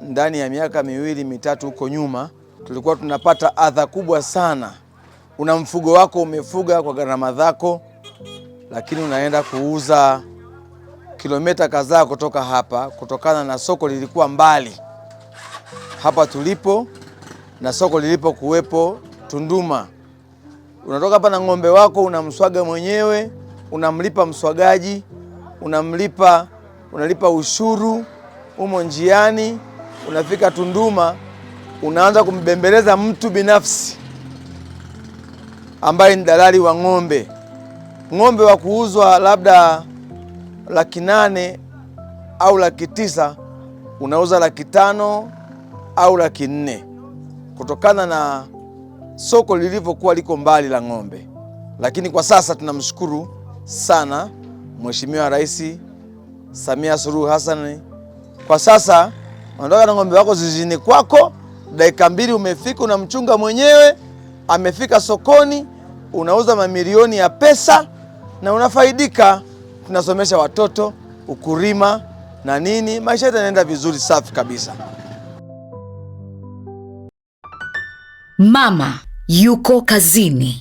ndani ya miaka miwili mitatu huko nyuma, tulikuwa tunapata adha kubwa sana. Una mfugo wako umefuga kwa gharama zako, lakini unaenda kuuza kilomita kadhaa kutoka hapa, kutokana na soko lilikuwa mbali hapa tulipo na soko lilipo kuwepo Tunduma. Unatoka hapa na ng'ombe wako unamswaga mwenyewe, unamlipa mswagaji, unamlipa unalipa ushuru umo njiani unafika Tunduma unaanza kumbembeleza mtu binafsi ambaye ni dalali wa ng'ombe, ng'ombe wa kuuzwa labda laki nane au laki tisa unauza laki tano au laki nne kutokana na soko lilivyokuwa liko mbali la ng'ombe. Lakini kwa sasa tunamshukuru sana Mheshimiwa Rais Samia Suluhu Hassan, kwa sasa Unatoka na ng'ombe wako zizini kwako, dakika mbili umefika, unamchunga mwenyewe, amefika sokoni, unauza mamilioni ya pesa na unafaidika. Tunasomesha watoto ukulima na nini, maisha yetu yanaenda vizuri, safi kabisa. Mama yuko kazini.